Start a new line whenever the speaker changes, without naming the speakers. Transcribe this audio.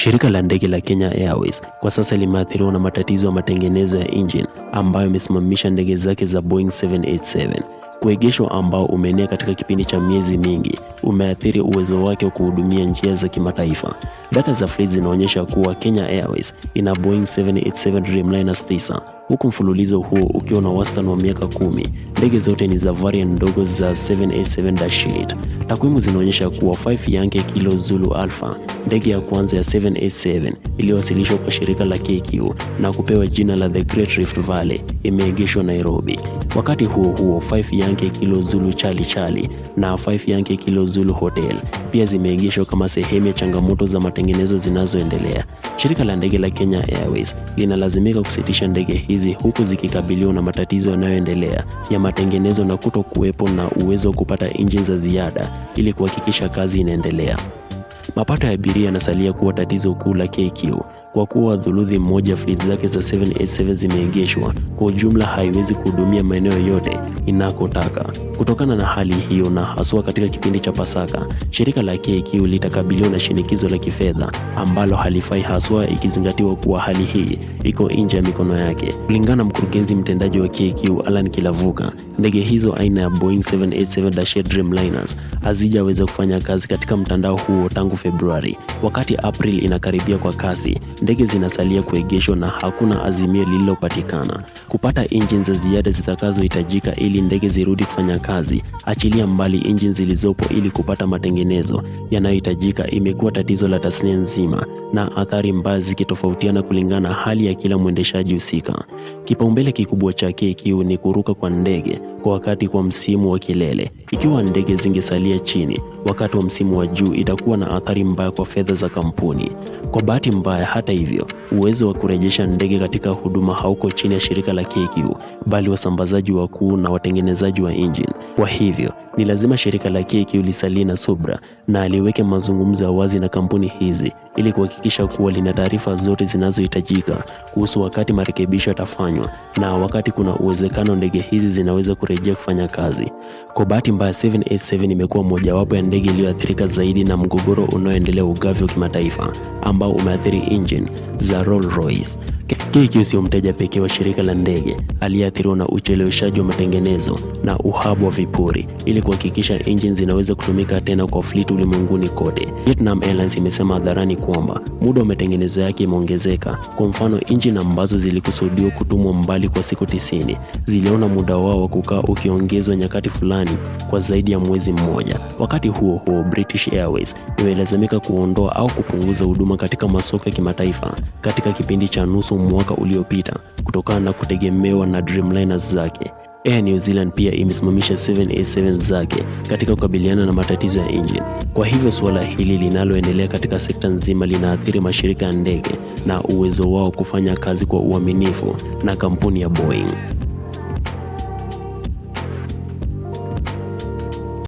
Shirika la ndege la Kenya Airways kwa sasa limeathiriwa na matatizo ya matengenezo ya engine ambayo imesimamisha ndege zake za Boeing 787. Kuegeshwa ambao umeenea katika kipindi cha miezi mingi umeathiri uwezo wake wa kuhudumia njia za kimataifa. Data za fleet zinaonyesha kuwa Kenya Airways ina Boeing 787 Dreamliners huku mfululizo huo ukiwa na wastani wa miaka kumi. Ndege zote ni za variant ndogo za 787-8. Takwimu zinaonyesha kuwa 5 Yanke Kilo Zulu Alpha, ndege ya kwanza ya 787 iliyowasilishwa kwa shirika la KQ na kupewa jina la The Great Rift Valley, imeegeshwa Nairobi. Wakati huo huo, 5 Yanke Kilo Zulu Chali Chali na 5 yanke Kilo Zulu Hotel pia zimeegeshwa kama sehemu ya changamoto za matengenezo zinazoendelea. Shirika la ndege la Kenya Airways linalazimika kusitisha ndege hizi hizi huku zikikabiliwa na matatizo yanayoendelea ya matengenezo na kuto kuwepo na uwezo wa kupata injini za ziada ili kuhakikisha kazi inaendelea. Mapato ya abiria yanasalia kuwa tatizo kuu la KQ kwa kuwa dhuluthi moja fleet zake za 787 zimeegeshwa, kwa ujumla haiwezi kuhudumia maeneo yote inakotaka. Kutokana na hali hiyo, na haswa katika kipindi cha Pasaka, shirika la KQ litakabiliwa na shinikizo la kifedha ambalo halifai, haswa ikizingatiwa kuwa hali hii iko nje ya mikono yake. Kulingana mkurugenzi mtendaji wa KQ Alan Kilavuka, ndege hizo aina ya Boeing 787-8 Dreamliners hazijaweza kufanya kazi katika mtandao huo tangu Februari. Wakati April inakaribia kwa kasi, ndege zinasalia kuegeshwa na hakuna azimio lililopatikana kupata injini za ziada zitakazohitajika ili ndege zirudi kufanya kazi, achilia mbali injini zilizopo ili kupata matengenezo yanayohitajika, imekuwa tatizo la tasnia nzima na athari mbaya zikitofautiana kulingana hali ya kila mwendeshaji husika. Kipaumbele kikubwa cha KQ ni kuruka kwa ndege kwa wakati kwa msimu wa kilele. Ikiwa ndege zingesalia chini wakati wa msimu wa juu, itakuwa na athari mbaya kwa fedha za kampuni. Kwa bahati mbaya, hata hivyo, uwezo wa kurejesha ndege katika huduma hauko chini ya shirika la KQ, bali wasambazaji wakuu na watengenezaji wa engine. Kwa hivyo ni lazima shirika la KQ lisalie na subra na aliweke mazungumzo ya wazi na kampuni hizi ili kuhakikisha kuwa lina taarifa zote zinazohitajika kuhusu wakati marekebisho yatafanywa na wakati kuna uwezekano ndege hizi zinaweza kurejea kufanya kazi. Kwa bahati mbaya, 787 imekuwa mojawapo ya ndege iliyoathirika zaidi na mgogoro unaoendelea ugavi wa kimataifa ambao umeathiri engine za Rolls-Royce. KQ sio mteja pekee wa shirika la ndege aliyeathiriwa na ucheleweshaji wa matengenezo na uhaba wa vipuri ili kuhakikisha engine zinaweza kutumika tena kwa fleet ulimwenguni kote. Vietnam Airlines imesema hadharani kwamba muda wa matengenezo yake imeongezeka. Kwa mfano, injini ambazo zilikusudiwa kutumwa mbali kwa siku tisini ziliona muda wao wa kukaa ukiongezwa nyakati fulani kwa zaidi ya mwezi mmoja. Wakati huo huo, British Airways imelazimika kuondoa au kupunguza huduma katika masoko ya kimataifa katika kipindi cha nusu mwaka uliopita kutokana na kutegemewa na Dreamliners zake. Air New Zealand pia imesimamisha 787 zake katika kukabiliana na matatizo ya injini. Kwa hivyo suala hili linaloendelea katika sekta nzima linaathiri mashirika ya ndege na uwezo wao kufanya kazi kwa uaminifu na kampuni ya Boeing.